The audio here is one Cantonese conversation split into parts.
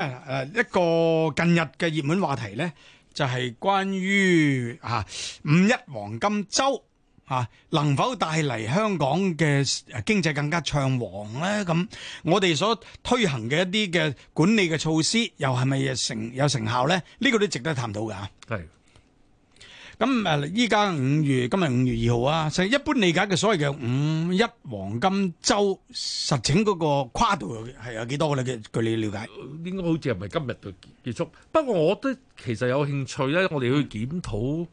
誒誒，一個近日嘅熱門話題呢，就係關於啊五一黃金周啊能否帶嚟香港嘅經濟更加暢旺呢？咁我哋所推行嘅一啲嘅管理嘅措施，又係咪成有成效呢？呢個都值得探討噶吓。係。咁誒，依家五月，今日五月二號啊，就一般理解嘅所謂嘅五一黃金周實踐嗰個跨度係有幾多嘅咧？據你了解，應該好似係咪今日就結束？不過，我覺得其實有興趣咧，我哋去檢討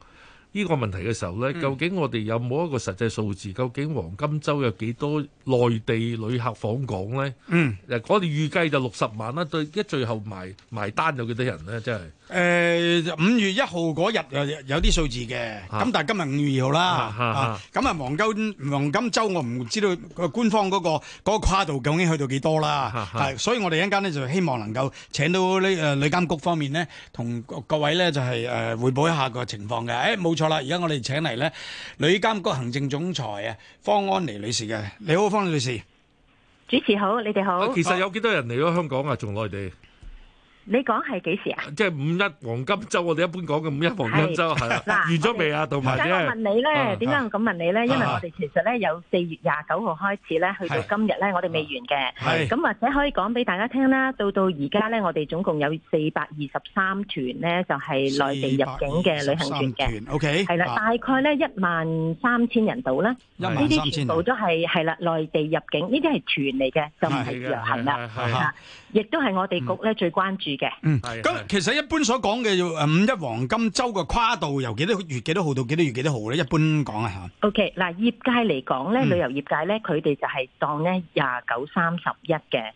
呢個問題嘅時候咧，嗯、究竟我哋有冇一個實際數字？究竟黃金周有幾多內地旅客訪港咧？嗯，我哋預計就六十萬啦，對，一最後埋埋單有幾多人咧？真係。誒，五月一號嗰日有有啲數字嘅，咁但係今日五月二號啦，咁啊黃金黃金周，我唔知道個官方嗰個嗰個跨度究竟去到幾多啦，係，所以我哋一陣間咧就希望能夠請到呢誒旅監局方面咧同各各位咧就係誒匯報一下個情況嘅，誒冇錯啦，而家我哋請嚟咧旅監局行政總裁啊方安妮女士嘅，你好方女士。主持好，你哋好，其實有幾多人嚟咗香港啊，從內地？你講係幾時啊？即係五一黃金週，我哋一般講嘅五一黃金週係啦。完咗未啊？同埋即係，我問你咧，點解我咁問你咧？因為我哋其實咧由四月廿九號開始咧，去到今日咧，我哋未完嘅。咁或者可以講俾大家聽啦，到到而家咧，我哋總共有四百二十三團咧，就係內地入境嘅旅行團嘅。四百二十三團，OK。係啦，大概咧一萬三千人度啦。一萬三千。呢啲全部都係係啦，內地入境，呢啲係團嚟嘅，就唔係自由行啦。係啦，亦都係我哋局咧最關注。嘅，嗯，咁其實一般所講嘅五一黃金周嘅跨度由幾多月幾多號到幾多月幾多號咧？一般講一下。OK，嗱，業界嚟講咧，嗯、旅遊業界咧，佢哋就係當咧廿九三十一嘅。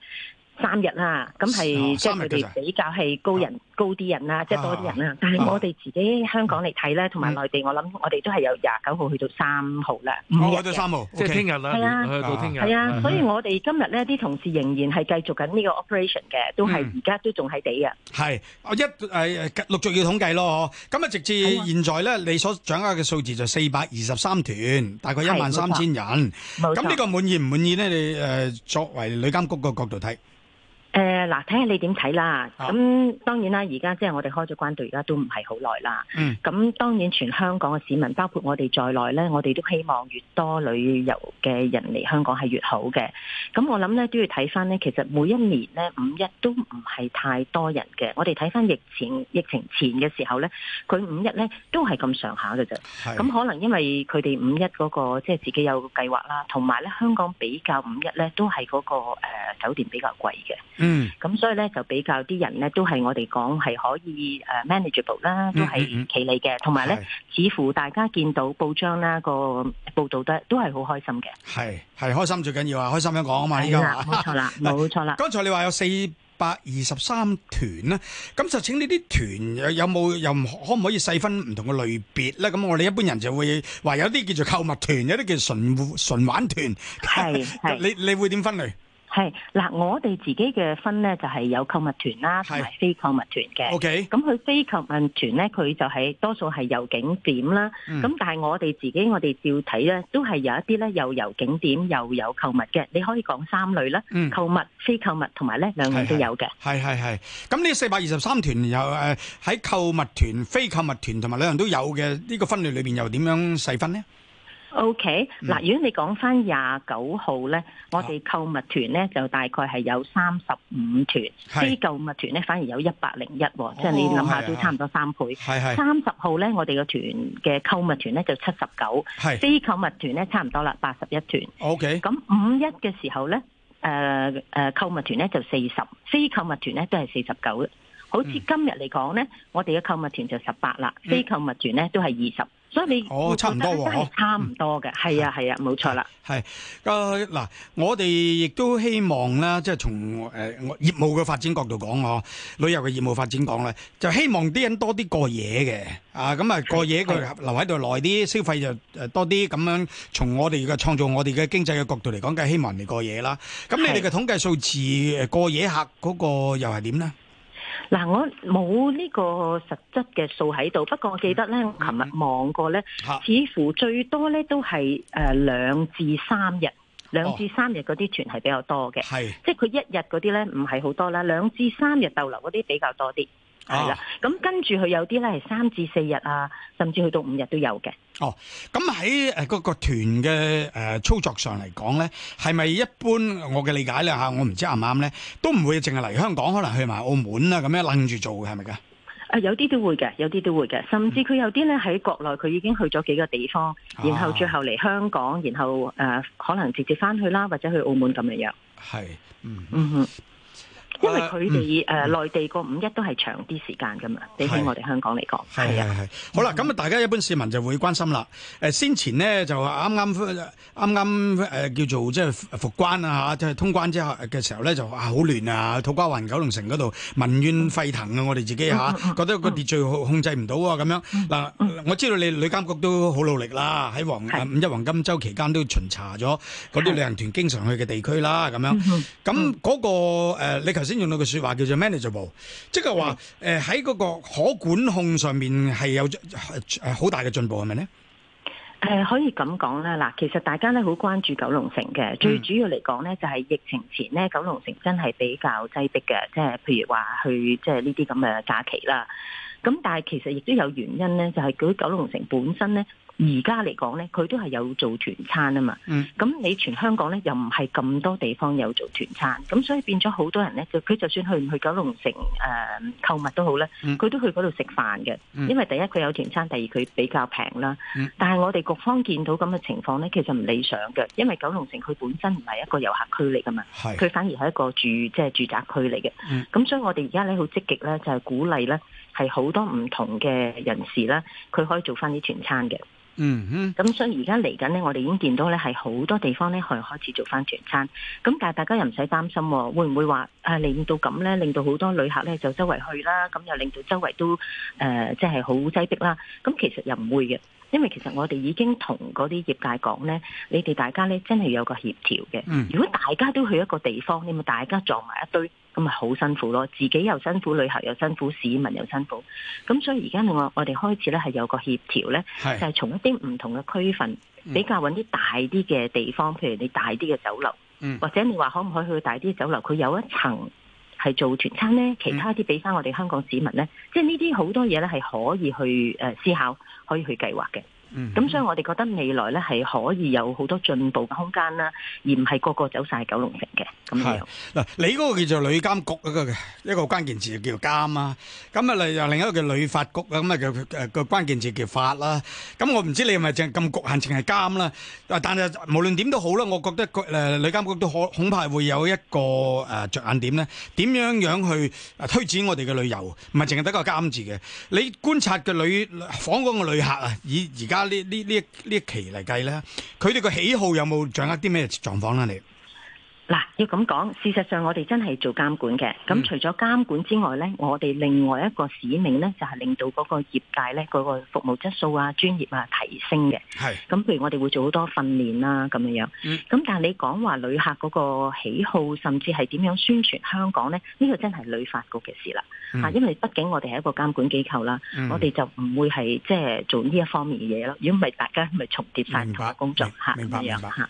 三日啦，咁係將佢哋比較係高人高啲人啦，即係多啲人啦。但係我哋自己香港嚟睇咧，同埋內地，我諗我哋都係由廿九號去到三號啦，五日到三號，即係聽日啦，係啊，到聽日。係啊，所以我哋今日咧，啲同事仍然係繼續緊呢個 operation 嘅，都係而家都仲喺地啊。係，一誒陸續要統計咯，嗬。咁啊，直至現在咧，你所掌握嘅數字就四百二十三團，大概一萬三千人。咁呢個滿意唔滿意咧？你誒作為旅監局個角度睇？誒，嗱、呃，睇下你點睇啦。咁，啊嗯嗯，當然啦，而家即係我哋開咗關到，而家都唔係好耐啦。咁當然，全香港嘅市民，包括我哋在內咧，我哋都希望越多旅遊嘅人嚟香港係越好嘅。咁，嗯，我諗咧都要睇翻咧，其實每一年咧五一都唔係太多人嘅。我哋睇翻疫情疫情前嘅時候咧，佢五一咧都係咁上下嘅啫。咁的，嗯，可能因為佢哋五一嗰，那個即係自己有計劃啦，同埋咧香港比較五一咧都係嗰，那個誒，呃，酒店比較貴嘅。嗯，咁所以咧就比較啲人咧都係我哋講係可以誒 manageable 啦，都係企理嘅，同埋咧似乎大家見到報章啦、個報道得都係好開心嘅。係係，開心最緊要啊！開心先講啊嘛，依家冇錯啦，冇哈錯啦。錯啦。剛才你話有四百二十三團啦，咁就請呢啲團有有冇又可唔可以細分唔同嘅類別咧？咁我哋一般人就會話有啲叫做購物團，有啲叫純純玩團，係，你你會點分類？係嗱，我哋自己嘅分呢就係有購物團啦，同埋非購物團嘅。OK，咁佢非購物團呢，佢就係多數係有景點啦。咁但係我哋自己，我哋照睇呢，都係有一啲呢，又有景點，又有購物嘅。你可以講三類啦，購物、非購物，同埋呢兩樣都有嘅。係係係，咁呢四百二十三團又誒喺購物團、非購物團，同埋兩樣都有嘅呢個分類裏邊，又點樣細分呢？O K，嗱，okay, 如果你講翻廿九號呢，我哋購物團呢就大概係有三十五團，非購物團呢反而有一百零一喎，即係你諗下都差唔多三倍。三十號呢，我哋個團嘅購物團呢就七十九，非購物團呢差唔多啦八十一團。O K，咁五一嘅時候呢，誒誒購物團呢就四十，嗯嗯、非購物團呢都係四十九。好似今日嚟講呢，我哋嘅購物團就十八啦，非購物團呢都係二十。所以你哦，差唔多喎，差唔多嘅，係啊，係啊，冇錯啦。係啊嗱，我哋亦都希望啦，即係從誒業務嘅發展角度講，嗬、呃，旅遊嘅業務發展講咧，就希望啲人多啲過夜嘅，啊，咁啊過夜佢留喺度耐啲，消費就誒多啲咁樣，從我哋嘅創造我哋嘅經濟嘅角度嚟講，梗係希望人哋過夜啦。咁你哋嘅統計數字誒是過夜客嗰個又係點咧？嗱，我冇呢個實質嘅數喺度，不過我記得呢，我琴日望過呢，似乎最多呢都係誒、呃、兩至三日，兩至三日嗰啲團係比較多嘅，oh. 即係佢一日嗰啲呢唔係好多啦，兩至三日逗留嗰啲比較多啲。係啦，咁、啊、跟住佢有啲咧係三至四日啊，甚至去到五日都有嘅。哦，咁喺誒嗰個團嘅誒操作上嚟講咧，係咪一般？我嘅理解咧吓，我唔知啱唔啱咧，都唔會淨係嚟香港，可能去埋澳門啊，咁樣楞住做係咪噶？誒，有啲都會嘅，有啲都會嘅，甚至佢有啲咧喺國內，佢已經去咗幾個地方，嗯、然後最後嚟香港，然後誒、呃、可能直接翻去啦，或者去澳門咁樣。係，嗯嗯哼。因為佢哋誒內地個五一都係長啲時間㗎嘛，比起我哋香港嚟講。係啊係。好啦，咁啊，大家一般市民就會關心啦。誒，先前咧就啱啱啱啱誒叫做即係復關啊嚇，即係通關之後嘅時候咧就啊好亂啊，土瓜灣九龍城嗰度民怨沸騰啊，我哋自己嚇覺得個秩序控控制唔到喎咁樣。嗱，我知道你旅監局都好努力啦，喺黃五一黃金週期間都巡查咗嗰啲旅行團經常去嘅地區啦，咁樣。咁嗰個誒，你頭先。先用到個說話叫做 manageable，即係話誒喺嗰個可管控上面係有好大嘅進步係咪咧？誒、呃，可以咁講啦，嗱，其實大家咧好關注九龍城嘅，最主要嚟講咧就係疫情前咧九龍城真係比較擠迫嘅，即係譬如話去即係呢啲咁嘅假期啦。咁但係其實亦都有原因咧，就係佢九龍城本身咧。而家嚟講呢佢都係有做團餐啊嘛。咁、嗯、你全香港呢，又唔係咁多地方有做團餐，咁所以變咗好多人呢，就佢就算去唔去九龍城誒、呃、購物都好咧，佢都去嗰度食飯嘅。嗯、因為第一佢有團餐，第二佢比較平啦。嗯、但係我哋局方見到咁嘅情況呢，其實唔理想嘅，因為九龍城佢本身唔係一個遊客區嚟噶嘛，佢是反而係一個住即係、就是、住宅區嚟嘅。咁、嗯嗯嗯、所以我哋而家呢，好積極呢，就係、是、鼓勵呢，係好多唔同嘅人士呢，佢可以做翻啲團餐嘅。嗯，咁所以而家嚟緊呢，我哋已經見到呢係好多地方呢去開始做翻團餐，咁但係大家又唔使擔心，會唔會話誒令到咁呢？令到好多旅客呢就周圍去啦，咁又令到周圍都誒即係好擠迫啦，咁其實又唔會嘅。因為其實我哋已經同嗰啲業界講呢，你哋大家呢真係有個協調嘅。嗯、如果大家都去一個地方，你咪大家撞埋一堆，咁咪好辛苦咯，自己又辛苦，旅行又辛苦，市民又辛苦。咁所以而家另外，我哋開始呢係有個協調呢，就係、是、從一啲唔同嘅區份比較揾啲大啲嘅地方，譬如你大啲嘅酒樓，嗯、或者你話可唔可以去大啲嘅酒樓，佢有一層。係做團餐呢，其他啲畀返我哋香港市民呢，即係呢啲好多嘢呢，係可以去誒思考，可以去計劃嘅。咁所以我哋覺得未來咧係可以有好多進步嘅空間啦，而唔係個個走曬九龍城嘅咁樣。係嗱，你嗰個叫做旅監局一個一個關鍵字叫監啦，咁啊例又另一個叫旅發局啦，咁啊叫誒個關鍵字叫發啦。咁我唔知你係咪淨係咁局限淨係監啦？但係無論點都好啦，我覺得誒旅監局都可恐怕會有一個誒着眼點咧。點樣樣去推展我哋嘅旅遊，唔係淨係得個監字嘅。你觀察嘅旅訪港嘅旅客啊，以而家。呢呢呢一呢一,一期嚟計咧，佢哋個喜好有冇掌握啲咩狀況咧？你？嗱，要咁講，事實上我哋真係做監管嘅。咁除咗監管之外咧，我哋另外一個使命咧，就係、是、令到嗰個業界咧，嗰個服務質素啊、專業啊提升嘅。係是。咁譬如我哋會做好多訓練啦、啊，咁樣樣。咁、嗯、但係你講話旅客嗰個喜好，甚至係點樣宣傳香港咧？呢、這個真係旅發局嘅事啦。啊、嗯，因為畢竟我哋係一個監管機構啦，嗯、我哋就唔會係即係做呢一方面嘅嘢咯。如果唔係，大家咪重疊範疇嘅工作嚇，咁白白樣嚇。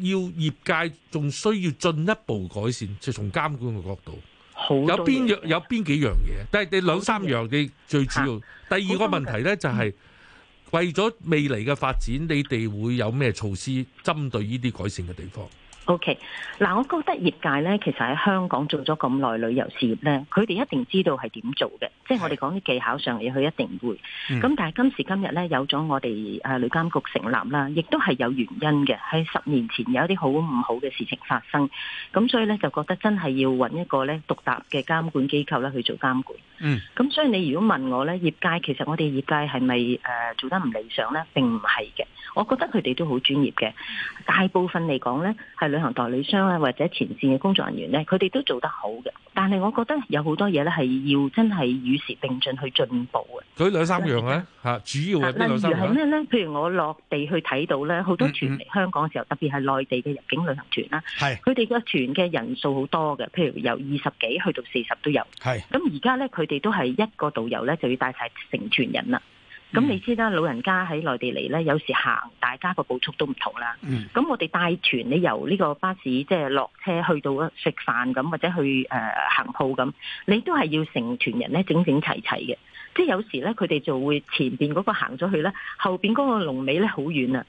要業界仲需要進一步改善，就從監管嘅角度，好有邊樣有邊幾樣嘢？但係你兩三樣，你最主要第二個問題咧，就係為咗未來嘅發展，你哋會有咩措施針對呢啲改善嘅地方？OK，嗱，我覺得業界咧，其實喺香港做咗咁耐旅遊事業咧，佢哋一定知道係點做嘅。即係我哋講啲技巧上嘢，佢一定會咁、嗯、但係今時今日咧、呃，有咗我哋誒旅監局成立啦，亦都係有原因嘅。喺十年前有一啲好唔好嘅事情發生，咁、嗯、所以咧就覺得真係要揾一個咧獨特嘅監管機構咧去做監管。嗯。咁、嗯、所以你如果問我咧，業界其實我哋業界係咪誒做得唔理想咧？並唔係嘅。我覺得佢哋都好專業嘅。大部分嚟講咧，係旅行代理商啊或者前線嘅工作人員咧，佢哋都做得好嘅。但係我覺得有好多嘢咧係要真係。與時並進去進步嘅，嗰兩三個樣咧吓，啊、主要嘅兩三個樣係咩咧？譬如我落地去睇到咧，好多團嚟香港嘅時候，特別係內地嘅入境旅行團啦，係佢哋個團嘅人數好多嘅，譬如由二十幾去到四十都有，係咁而家咧，佢哋都係一個導遊咧就要帶晒成團人啦。咁、嗯、你知啦，老人家喺內地嚟呢，有時行大家個步速都唔同啦。咁、嗯、我哋帶團你由呢個巴士即係落車去到食飯咁，或者去誒、呃、行鋪咁，你都係要成團人呢，整整齊齊嘅。即係有時呢，佢哋就會前邊嗰個行咗去呢，後邊嗰個龍尾呢，好遠啊！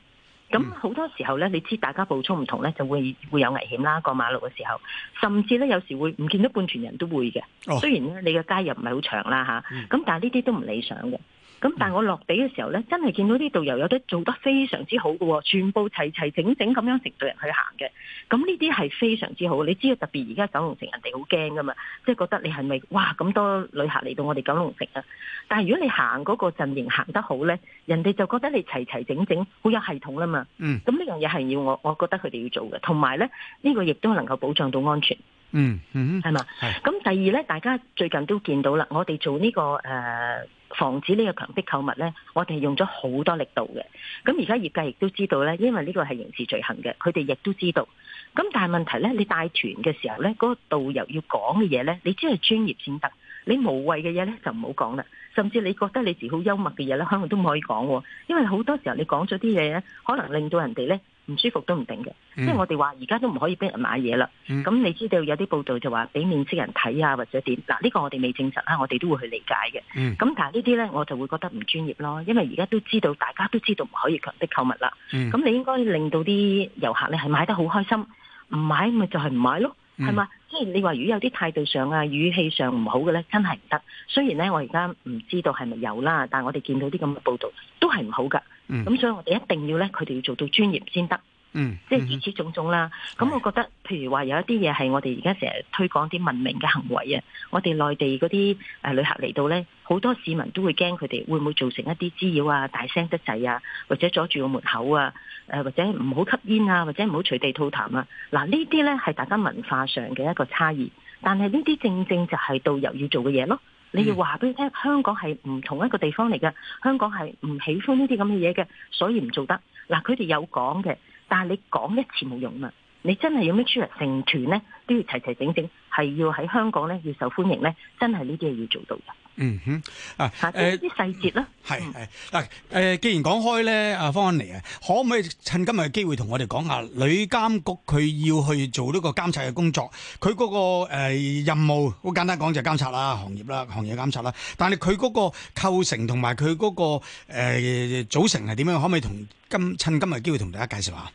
咁好多時候呢，你知大家步速唔同呢，就會會有危險啦。過馬路嘅時候，甚至呢，有時會唔見到半團人都會嘅。哦、雖然你嘅街又唔係好長啦吓，咁、嗯、但係呢啲都唔理想嘅。咁但係我落地嘅時候呢，真係見到啲導遊有得做得非常之好嘅，全部齊齊整整咁樣成隊人去行嘅。咁呢啲係非常之好。你知道特別而家九龍城人哋好驚噶嘛，即係覺得你係咪哇，咁多旅客嚟到我哋九龍城啊？但係如果你行嗰個陣營行得好呢，人哋就覺得你齊齊整整，好有系統啦嘛。嗯。咁呢樣嘢係要我，我覺得佢哋要做嘅。同埋咧，呢個亦都能夠保障到安全。嗯嗯，係嘛。咁係。第二呢，大家最近都見到啦，我哋做呢個誒。呃防止呢個強迫購物呢，我哋係用咗好多力度嘅。咁而家業界亦都知道呢，因為呢個係刑事罪行嘅，佢哋亦都知道。咁但係問題呢，你帶團嘅時候呢，嗰個導遊要講嘅嘢呢，你只係專業先得。你無謂嘅嘢呢，就唔好講啦。甚至你覺得你自己好幽默嘅嘢呢，可能都唔可以講，因為好多時候你講咗啲嘢呢，可能令到人哋呢。唔舒服都唔定嘅，即係我哋話而家都唔可以俾人買嘢啦。咁、嗯、你知道有啲報道就話俾面色人睇啊，或者點？嗱，呢個我哋未證實啊，我哋都會去理解嘅。咁、嗯、但係呢啲呢，我就會覺得唔專業咯，因為而家都知道，大家都知道唔可以強迫購物啦。咁、嗯、你應該令到啲遊客你係買得好開心，唔買咪就係唔買咯，係嘛、嗯？即係你話如果有啲態度上啊、語氣上唔好嘅呢，真係唔得。雖然呢，我而家唔知道係咪有啦，但我哋見到啲咁嘅報道都係唔好噶。咁、嗯、所以我哋一定要咧，佢哋要做到專業先得，嗯，即係如此種種啦。咁、嗯、我覺得，譬如話有一啲嘢係我哋而家成日推廣啲文明嘅行為啊，我哋內地嗰啲誒旅客嚟到咧，好多市民都會驚佢哋會唔會造成一啲滋擾啊、大聲得滯啊，或者阻住我門口啊，誒或者唔好吸煙啊，或者唔好隨地吐痰啊。嗱，呢啲咧係大家文化上嘅一個差異，但係呢啲正正就係導遊要做嘅嘢咯。你要話俾佢聽，香港係唔同一個地方嚟嘅，香港係唔喜歡呢啲咁嘅嘢嘅，所以唔做得。嗱，佢哋有講嘅，但係你講一次冇用啊！你真係有咩出入成團咧都要齊齊整整，係要喺香港咧要受歡迎咧，真係呢啲嘢要做到嘅。嗯哼，啊，即啲細節啦。係係嗱，誒、嗯，既然講開咧，阿方安妮啊，可唔可以趁今日嘅機會同我哋講下旅監局佢要去做呢個監察嘅工作？佢嗰、嗰個、呃、任務，好簡單講就監察啦，行業啦，行業監察啦。但係佢嗰個構成同埋佢嗰個誒、呃、組成係點樣？可唔可以同今趁今日嘅機會同大家介紹下？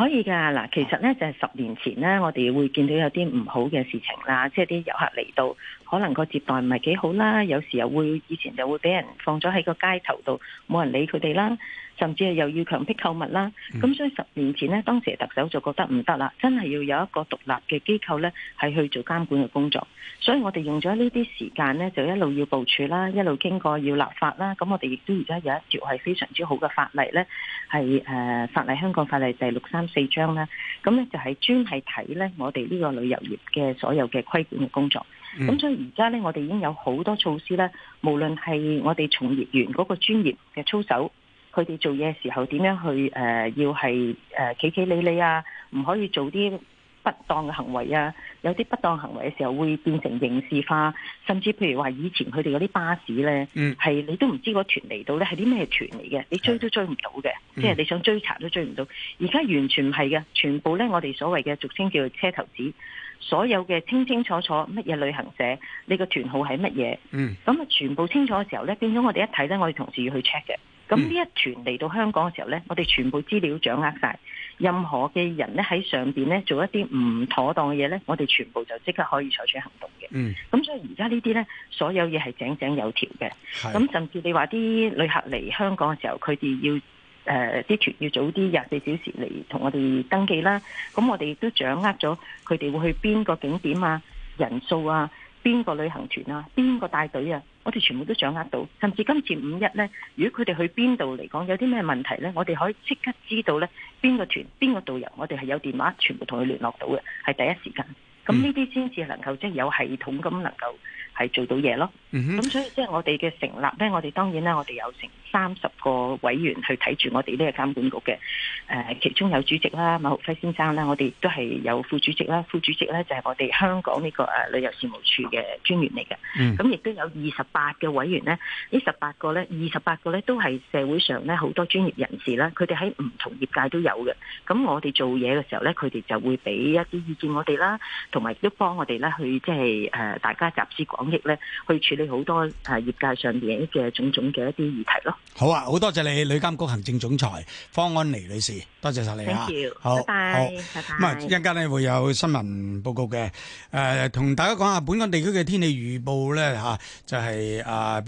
可以噶，嗱，其實咧就係十年前咧，我哋會見到有啲唔好嘅事情啦，即係啲遊客嚟到。可能個接待唔係幾好啦，有時候會以前就會俾人放咗喺個街頭度，冇人理佢哋啦，甚至係又要強迫購物啦。咁、嗯、所以十年前呢，當時特首就覺得唔得啦，真係要有一個獨立嘅機構呢，係去做監管嘅工作。所以我哋用咗呢啲時間呢，就一路要部署啦，一路經過要立法啦。咁我哋亦都而家有一條係非常之好嘅法例呢，係誒、呃、法例香港法例第六三四章啦。咁呢就係專係睇呢我哋呢個旅遊業嘅所有嘅規管嘅工作。咁、嗯、所以而家咧，我哋已經有好多措施咧，無論係我哋從業員嗰個專業嘅操守，佢哋做嘢時候點樣去誒、呃、要係誒企企理理啊，唔可以做啲不當嘅行為啊，有啲不當行為嘅時候會變成刑事化，甚至譬如話以前佢哋嗰啲巴士呢，係、嗯、你都唔知個團嚟到呢係啲咩團嚟嘅，你追都追唔到嘅，嗯、即係你想追查都追唔到。而家完全唔係嘅，全部呢，我哋所謂嘅俗稱叫車頭紙，所有嘅清清楚楚乜嘢旅行社，你個團號係乜嘢，咁啊、嗯、全部清楚嘅時候呢，變咗我哋一睇呢，我哋同事要去 check 嘅。咁呢一團嚟到香港嘅時候呢，我哋全部資料掌握晒。任何嘅人咧喺上邊咧做一啲唔妥當嘅嘢咧，我哋全部就即刻可以採取行動嘅。嗯，咁所以而家呢啲咧，所有嘢係井井有條嘅。咁是甚至你話啲旅客嚟香港嘅時候，佢哋要誒啲團要早啲廿四小時嚟同我哋登記啦。咁我哋亦都掌握咗佢哋會去邊個景點啊，人數啊。邊個旅行團啊？邊個帶隊啊？我哋全部都掌握到，甚至今次五一呢，如果佢哋去邊度嚟講，有啲咩問題呢？我哋可以即刻知道呢邊個團，邊個導遊，我哋係有電話，全部同佢聯絡到嘅，係第一時間。咁呢啲先至能夠即係有系統咁，能夠係做到嘢咯。咁、mm hmm. 所以即係、就是、我哋嘅成立呢，我哋當然啦，我哋有成。三十個委員去睇住我哋呢個監管局嘅，誒、呃，其中有主席啦，馬豪輝先生啦，我哋都係有副主席啦，副主席咧就係我哋香港呢、這個誒、呃、旅遊事務處嘅專員嚟嘅。咁亦、嗯、都有二十八個委員呢。呢十八個呢，二十八個呢，都係社會上呢好多專業人士啦，佢哋喺唔同業界都有嘅。咁我哋做嘢嘅時候呢，佢哋就會俾一啲意見我哋啦，同埋都幫我哋咧去即係誒大家集思廣益呢，去處理好多誒業界上面嘅種種嘅一啲議題咯。好啊，好多謝你，旅監局行政總裁方安妮女士，多謝晒你啊，好，好，咁啊，一陣間咧會有新聞報告嘅，誒、呃，同大家講下本港地區嘅天氣預報咧吓、啊，就係、是、啊，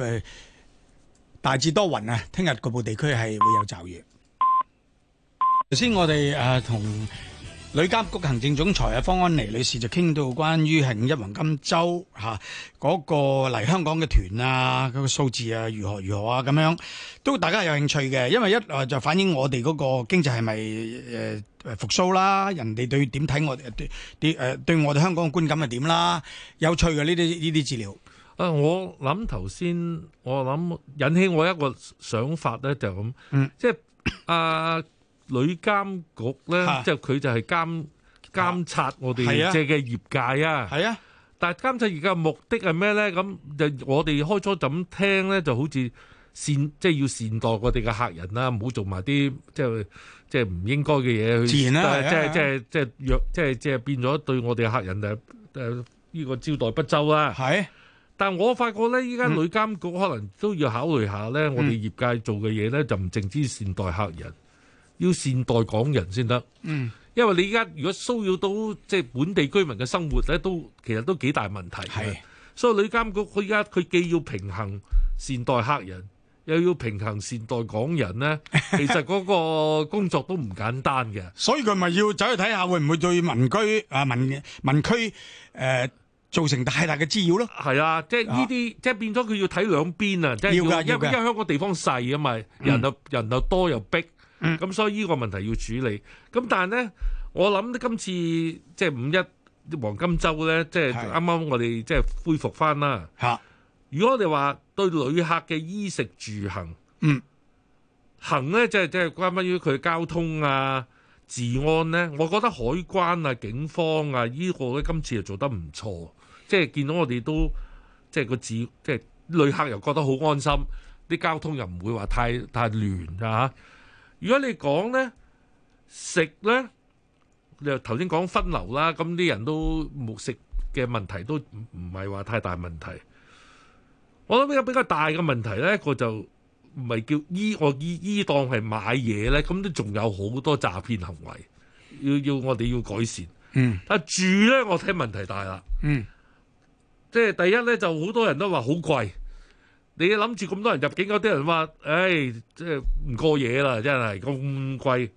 大致多雲啊，聽日局部地區係會有驟雨。頭先 我哋誒同。啊旅監局行政總裁啊，方安妮女士就傾到關於係五一黃金周吓嗰個嚟香港嘅團啊，嗰、嗰個數字啊，如何如何啊咁樣，都大家有興趣嘅，因為一就反映我哋嗰個經濟係咪誒誒復甦啦？人哋對點睇我哋啲誒對我哋香港嘅觀感係點啦？有趣嘅呢啲呢啲資料啊！我諗頭先我諗引起我一個想法咧，就咁、嗯，嗯、呃，即係啊。 旅監局咧，他即係佢就係監監察我哋即係嘅業界啊。係啊，啊但係監察業界嘅目的係咩咧？咁就我哋開初就咁聽咧，就好似善即係、就是、要善待我哋嘅客人啦，唔好做埋啲即係即係唔應該嘅嘢，去自然啦、啊，即係即係即係若即係即係變咗對我哋嘅客人誒誒呢個招待不周啊。係、啊，但我發覺咧，依家旅監局可能都要考慮下咧、嗯嗯，我哋業界做嘅嘢咧就唔淨止善待客人。要善待港人先得，嗯，因為你而家如果騷擾到即係本地居民嘅生活咧，都其實都幾大問題，係是，所以旅監局佢而家佢既要平衡善待客人，又要平衡善待港人咧，其實嗰個工作都唔簡單嘅。 所以佢咪要走去睇下會唔會對民居啊民民區誒、呃、造成大大嘅滋擾咯？係啊，即係呢啲即係變咗佢要睇兩邊啊！即係要因的的因為香港地方細啊嘛，人又人又多又逼。又多 咁、嗯、所以呢個問題要處理。咁但係呢，我諗今次即係五一黃金周呢，即係啱啱我哋即係恢復翻啦。的如果我哋話對旅客嘅衣食住行，嗯，行呢，即係即係關於佢交通啊、治安呢，我覺得海關啊、警方啊呢、呢個呢今次又做得唔錯，即、就、係、是、見到我哋都即係個治即係旅客又覺得好安心，啲交通又唔會話太太亂啊。如果你講呢，食呢，你頭先講分流啦，咁啲人都冇食嘅問題都唔唔係話太大問題。我諗比較比較大嘅問題呢，個就唔係叫依我依依當係買嘢呢。咁都仲有好多詐騙行為，要要我哋要改善。嗯，但住呢，我睇問題大啦。嗯，即係第一呢，就好多人都話好貴。你諗住咁多人入境，嗰啲人話，唉、哎，即係唔過夜啦，真係咁貴。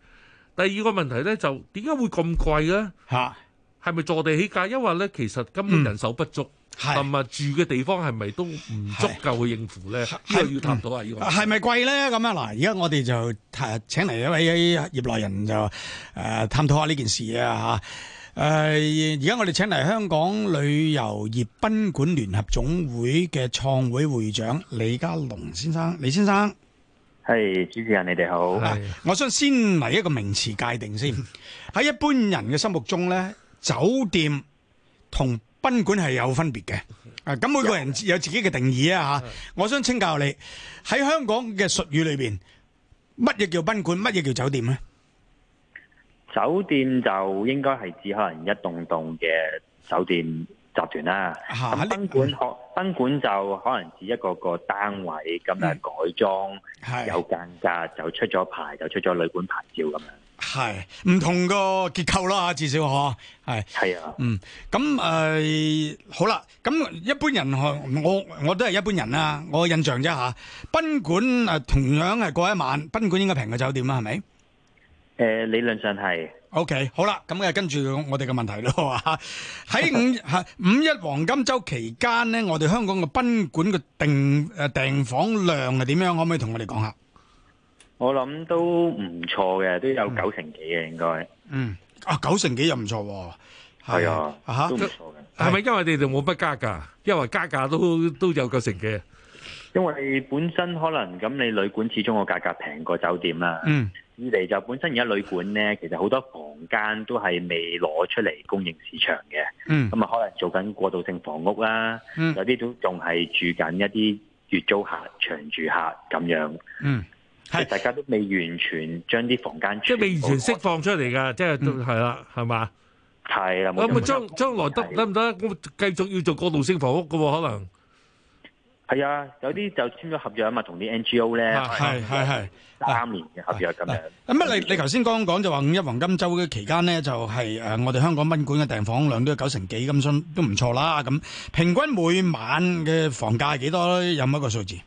第二個問題咧，就點解會咁貴咧？吓、啊，係咪坐地起價？因為咧，其實根本人手不足，同埋、嗯、住嘅地方係咪都唔足夠去應付咧？呢個、嗯、要探討啊，要係咪貴咧？咁啊嗱，而家我哋就誒，請嚟一位業內人就誒探討下呢件事啊吓。誒，而家我哋請嚟香港旅遊業賓館聯合總會嘅創會會長李嘉龍先生，李先生，係主持人，你哋好。係，我想先嚟一個名詞界定先。喺一般人嘅心目中咧，酒店同賓館係有分別嘅。誒，咁每個人有自己嘅定義啊吓。我想請教你，喺香港嘅術語裏邊，乜嘢叫賓館，乜嘢叫酒店咧？酒店就應該係指可能一棟棟嘅酒店集團啦。咁、啊啊、賓館客、嗯、就可能指一個個單位咁樣改裝，嗯、有間隔就出咗牌，就出咗旅館牌照咁樣。係唔同個結構咯，至少嗬係。係啊。嗯，咁誒、呃、好啦，咁一般人我我都係一般人啊。我印象啫嚇。賓館誒、呃、同樣係過一晚，賓館應該平過酒店啦，係咪？誒，理論上係。O K，好啦，咁啊，跟住我哋嘅問題咯。喺五吓五一黃金周期間咧，我哋香港嘅賓館嘅訂誒訂房量係點樣？可唔可以同我哋講下？我諗都唔錯嘅，都有九成幾嘅應該。嗯，啊九成幾又唔錯喎。係啊，吓都唔錯嘅。係咪因為你哋冇乜加價？因為加價都都有九成幾。因為本身可能咁，你旅館始終個價格平過酒店啦。嗯。佢哋就本身而家旅館咧，其實好多房間都係未攞出嚟供應市場嘅。嗯，咁啊，可能做緊過渡性房屋啦。嗯，有啲都仲係住緊一啲月租客、長住客咁樣。嗯，係大家都未完全將啲房間即係，未完全釋放出嚟㗎，即係都係啦，係嘛？係啦。咁咪將將來得得唔得？我繼續要做過渡性房屋㗎喎，可能。係啊，有啲就簽咗合約啊嘛，同啲 N G O 咧，係係係三年嘅合約咁、就、樣、是。咁乜、啊啊、你你頭先剛剛講就話五一黃金周嘅期間咧、就是，就係誒我哋香港賓館嘅訂房量都有九成幾咁都唔錯啦。咁平均每晚嘅房價係幾多呢？有冇一個數字？誒、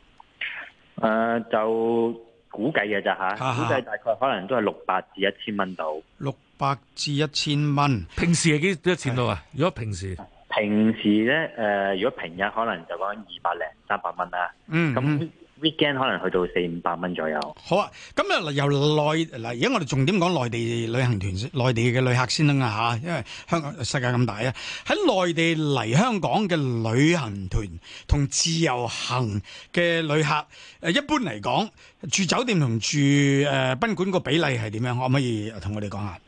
啊，就估計嘅咋吓？估計大概可能都係、啊、六百至一千蚊到。六百至一千蚊，平時係幾多錢到啊？如果平時？平時咧，誒，如果平日可能就講二百零三百蚊啦。嗯，咁 weekend 可能去到四五百蚊左右。好啊，咁啊，嗱，由內嗱，而家我哋重點講內地旅行團、內地嘅旅客先啦，吓，因為香港世界咁大啊，喺內地嚟香港嘅旅行團同自由行嘅旅客，誒，一般嚟講住酒店同住誒賓館個比例係點樣？可唔可以同我哋講下？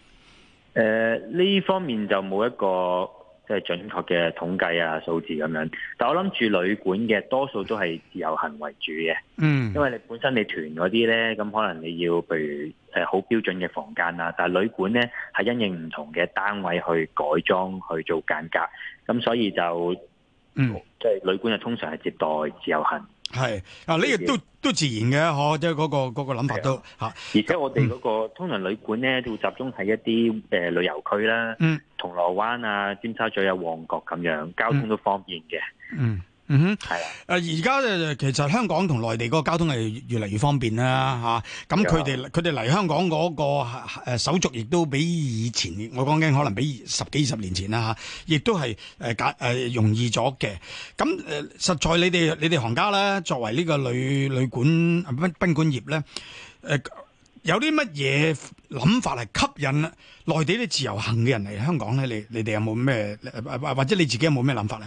誒，呢方面就冇一個，即係準確嘅統計啊，數字咁樣。但我諗住旅館嘅多數都係自由行為主嘅，嗯，mm. 因為你本身你團嗰啲呢，咁可能你要譬如誒好標準嘅房間啊。但係旅館呢，係因應唔同嘅單位去改裝去做間隔，咁所以就嗯，即係、mm. 旅館就通常係接待自由行。係啊，呢、這個都都自然嘅，嗬、啊，即係嗰個嗰、那個諗法都吓，啊啊、而且我哋嗰、那個、嗯、通常旅館咧，都會集中喺一啲誒、呃、旅遊區啦，銅鑼灣啊、尖沙咀啊、旺角咁樣，交通都方便嘅。嗯嗯嗯哼，係啊、mm，誒而家咧，其實香港同內地嗰個交通係越嚟越方便啦，嚇、mm，咁佢哋佢哋嚟香港嗰、嗰個、啊啊、手續亦都比以前，我講緊可能比十幾二十年前啦嚇，亦、啊、都係誒簡誒容易咗嘅，咁、啊、誒實在你哋你哋行家咧，作為呢個旅旅館賓賓館業咧，誒、啊。有啲乜嘢諗法嚟吸引內地啲自由行嘅人嚟香港咧？你你哋有冇咩或者你自己有冇咩諗法咧？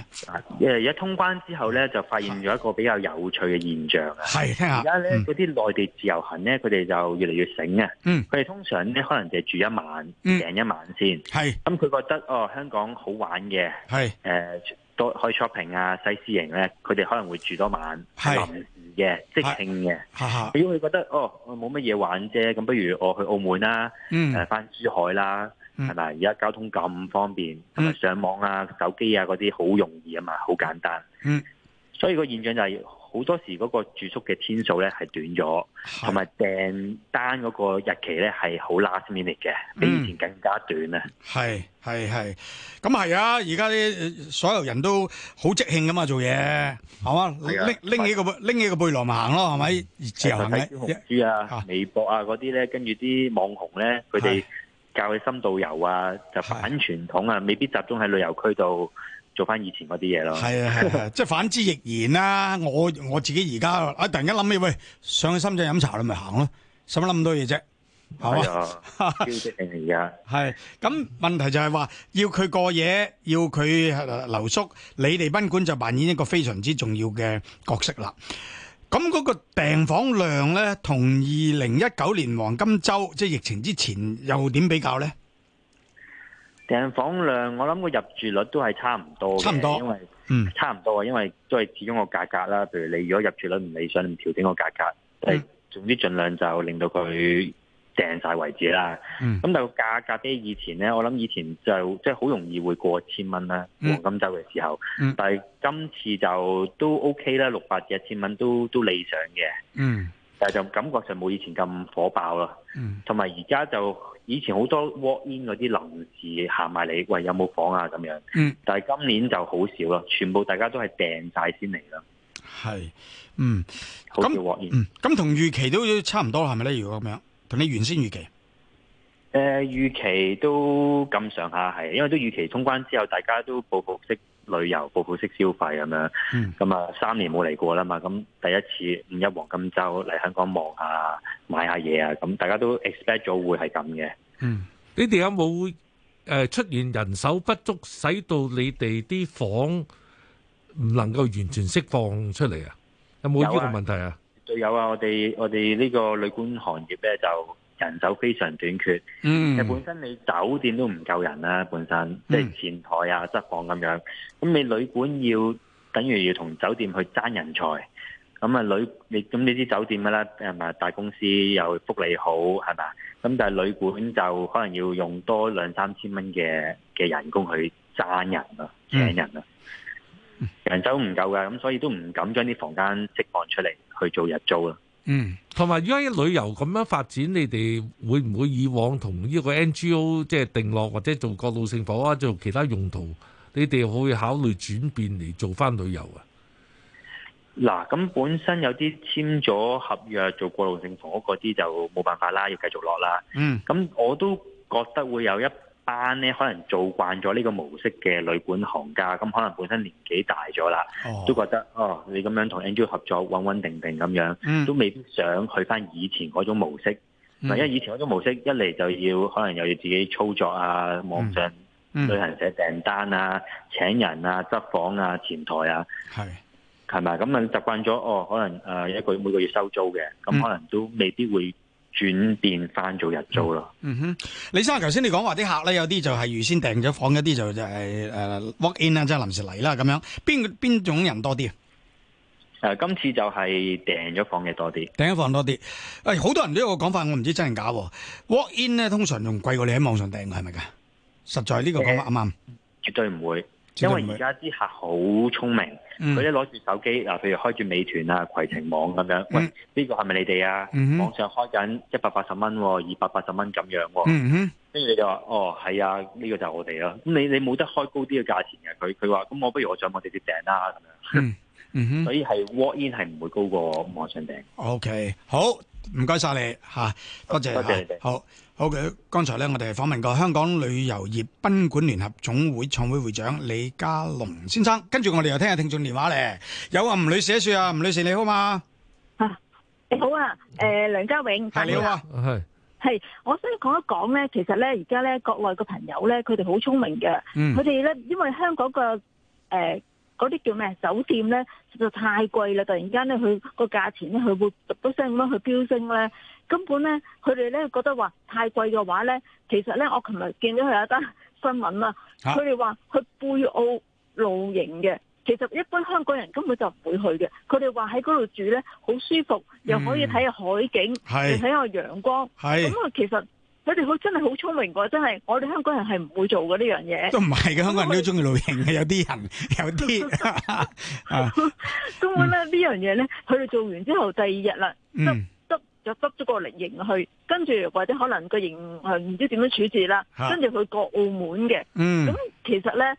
誒，而家通關之後咧，就發現咗一個比較有趣嘅現象啊！係，聽下而家咧嗰啲內地自由行咧，佢哋就越嚟越醒啊！嗯，佢哋通常咧可能就住一晚，訂、嗯、一晚先。係是，咁佢覺得哦，香港好玩嘅，係誒是，多開 shopping 啊、西施營咧，佢哋可能會住多晚。係是。嘅 Yeah, Yeah. 即興嘅， 如果佢覺得哦，冇乜嘢玩啫，咁不如我去澳門啦，誒，翻珠海啦，係咪？而家交通咁方便，同埋、mm. 上網啊、手機啊嗰啲好容易啊嘛，好簡單。嗯，mm. 所以個現象就係、是。好多時嗰個住宿嘅天數咧係短咗，同埋訂單嗰個日期咧係好 last minute 嘅，比以前更加短啦。係係係，咁係啊！而家啲所有人都好即興咁嘛做嘢，係嘛？拎拎起個拎起個背囊行咯，係咪？而家睇小紅書啊、微博啊嗰啲咧，跟住啲網紅咧，佢哋教嘅深度遊啊，就反傳統啊，未必集中喺旅遊區度。做翻以前嗰啲嘢咯，係 啊係即係反之亦然啦。我我自己而家啊，突然間諗起喂，上去深圳飲茶你咪行咯。使乜諗咁多嘢啫，係嘛？標準定係而家係。咁問題就係話，要佢過夜，要佢留宿，你哋賓館就扮演一個非常之重要嘅角色啦。咁嗰個訂房量咧，同二零一九年黃金周即係疫情之前又點比較咧？嗯訂房量，我諗個入住率都係差唔多，多，因為嗯、差唔多，因為嗯差唔多啊，因為都係始終個價格啦。譬如你如果入住率唔理想，你調整、嗯、整個價、嗯、格，即係總之盡量就令到佢訂晒為止啦。咁但係個價格比以前咧，我諗以前就即係好容易會過千蚊啦，黃金周嘅時候。嗯嗯、但係今次就都 OK 啦，六百至一千蚊都都理想嘅。嗯。但就感覺上冇以前咁火爆咯，同埋而家就以前好多 walk in，嗰啲臨時行埋嚟，喂，有冇房啊？咁樣，嗯、但係今年就好少咯，全部大家都係訂晒先嚟啦。係，嗯，好少 walk in。咁同、嗯、預期都差唔多，係咪咧？如果咁樣，同你原先預期？誒、呃，預期都咁上下係，因為都預期通關之後，大家都報復式。旅遊報復式消費咁樣，咁啊、嗯、三年冇嚟過啦嘛，咁第一次五一黃金周嚟香港望下、買下嘢啊，咁大家都 expect 咗會係咁嘅。嗯，你哋有冇誒出現人手不足，使到你哋啲房唔能夠完全釋放出嚟啊？有冇呢個問題啊？就有啊，我哋我哋呢個旅館行業咧就，人手非常短缺，嗯，其實本身你酒店都唔夠人啦，本身即係前台啊、執房咁樣，咁你旅館要，等於要同酒店去爭人才，咁啊旅你，咁呢啲酒店啦，係咪大公司又福利好，係咪？咁但係旅館就可能要用多兩三千蚊嘅嘅人工去爭人啊，請人啊，人手唔夠嘅，咁所以都唔敢將啲房間釋放出嚟去做日租啊。嗯，同埋而家旅遊咁樣發展，你哋會唔會以往同呢個 NGO 即係定落或者做過渡性房啊，做其他用途？你哋會考慮轉變嚟做翻旅遊啊？嗱，咁本身有啲簽咗合約做過渡性房屋嗰啲就冇辦法啦，要繼續落啦。嗯，咁我都覺得會有一。班咧可能做慣咗呢個模式嘅旅館行家，咁可能本身年紀大咗啦，都覺得哦，你咁樣同 Angie 合作穩穩定定咁樣，都未必想去翻以前嗰種模式。嗯、因為以前嗰種模式，一嚟就要可能又要自己操作啊，網上旅行社訂單啊、請人啊、執房啊、前台啊，係係咪？咁啊、嗯嗯嗯、習慣咗哦，可能誒、呃、一個月每個月收租嘅，咁可能都未必會。轉變翻做日租咯，嗯。嗯哼，李先生，頭先你講話啲客咧，有啲就係預先訂咗房，一啲就就係誒 walk in 啦，即係臨時嚟啦，咁樣邊邊種人多啲啊？誒、呃，今次就係訂咗房嘅多啲，訂咗房多啲。誒、哎，好多人都有個講法，我唔知真定假。walk in 咧，通常仲貴過你喺網上訂，係咪噶？實在呢、呃、個講法啱，絕對唔會。因為而家啲客好聰明，佢一攞住手機，嗱，譬如開住美團、嗯、啊、攜程、嗯、哼網咁樣，喂、嗯哼，呢個係咪你哋啊？網上開緊一百八十蚊，二百八十蚊咁樣，跟住你就話，哦，係啊，呢、這個就係我哋咯、啊。咁你你冇得開高啲嘅價錢嘅，佢佢話，咁我不如我上網直接訂啦咁樣。嗯，嗯哼，所以係 walk in 係唔會高過網上訂。O、okay, K，好。唔該晒你吓，多謝，好好嘅。剛才咧，我哋訪問過香港旅遊業賓館聯合總會創會會長李家龍先生。跟住，我哋又聽下聽眾電話咧，有啊，吳女士一說啊，吳女士你好嘛？你好啊，誒，梁家永，係你好，係係，我想講一講咧，其實咧，而家咧，國內嘅朋友咧，佢哋好聰明嘅，佢哋咧，因為香港個誒。嗰啲叫咩？酒店呢？實在太貴啦！突然間呢，佢個價錢呢，佢會突聲咁樣去飆升呢，根本呢，佢哋呢覺得話太貴嘅話呢，其實呢，我琴日見到佢有一單新聞啦。佢哋話去貝澳露營嘅，其實一般香港人根本就唔會去嘅。佢哋話喺嗰度住呢，好舒服，又可以睇下海景，睇下、嗯、是陽光。咁啊是，其實。佢哋好真係好聰明㗎，真係我哋香港人係唔會做嘅呢樣嘢。都唔係嘅，因為 香港人都中意露營嘅， 有啲人有啲。咁樣咧，呢樣嘢咧，佢哋做完之後第二日啦，執執又執咗個嚟營去，跟住或者可能個營係唔知點樣處置啦，跟住佢過澳門嘅。咁、啊嗯、其實咧，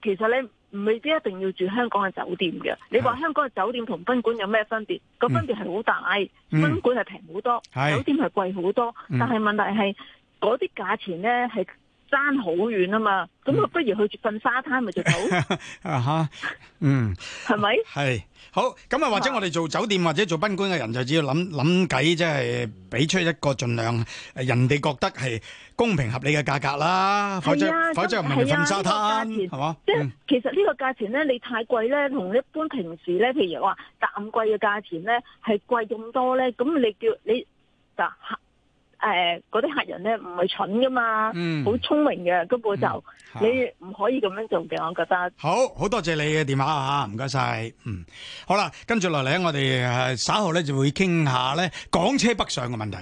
其實咧。唔，未必一定要住香港嘅酒店嘅，你話香港嘅酒店同賓館有咩分別？個分別係好大，賓館係平好多，嗯、酒店係貴好多。嗯、但係問題係嗰啲價錢咧係。爭好遠啊嘛，咁啊不如去住瞓沙灘咪就好，啊吓，嗯，係咪？係好，咁啊或者我哋做酒店或者做賓館嘅人就只要諗諗計，即係俾出一個盡量誒人哋覺得係公平合理嘅價格啦，否則否則唔係去瞓沙灘，係嘛？即係其實呢個價錢咧，你太貴咧，同一般平時咧，譬如話淡季嘅價錢咧，係貴咁多咧，咁你叫你就吓。誒，啲、呃、客人咧唔係蠢噶嘛，好聰、嗯、明嘅，根本就、嗯、你唔可以咁樣做嘅，我覺得。好好多謝你嘅電話啊吓，唔該晒。嗯，好啦，跟住落嚟咧，我哋稍後咧就會傾下咧港車北上嘅問題。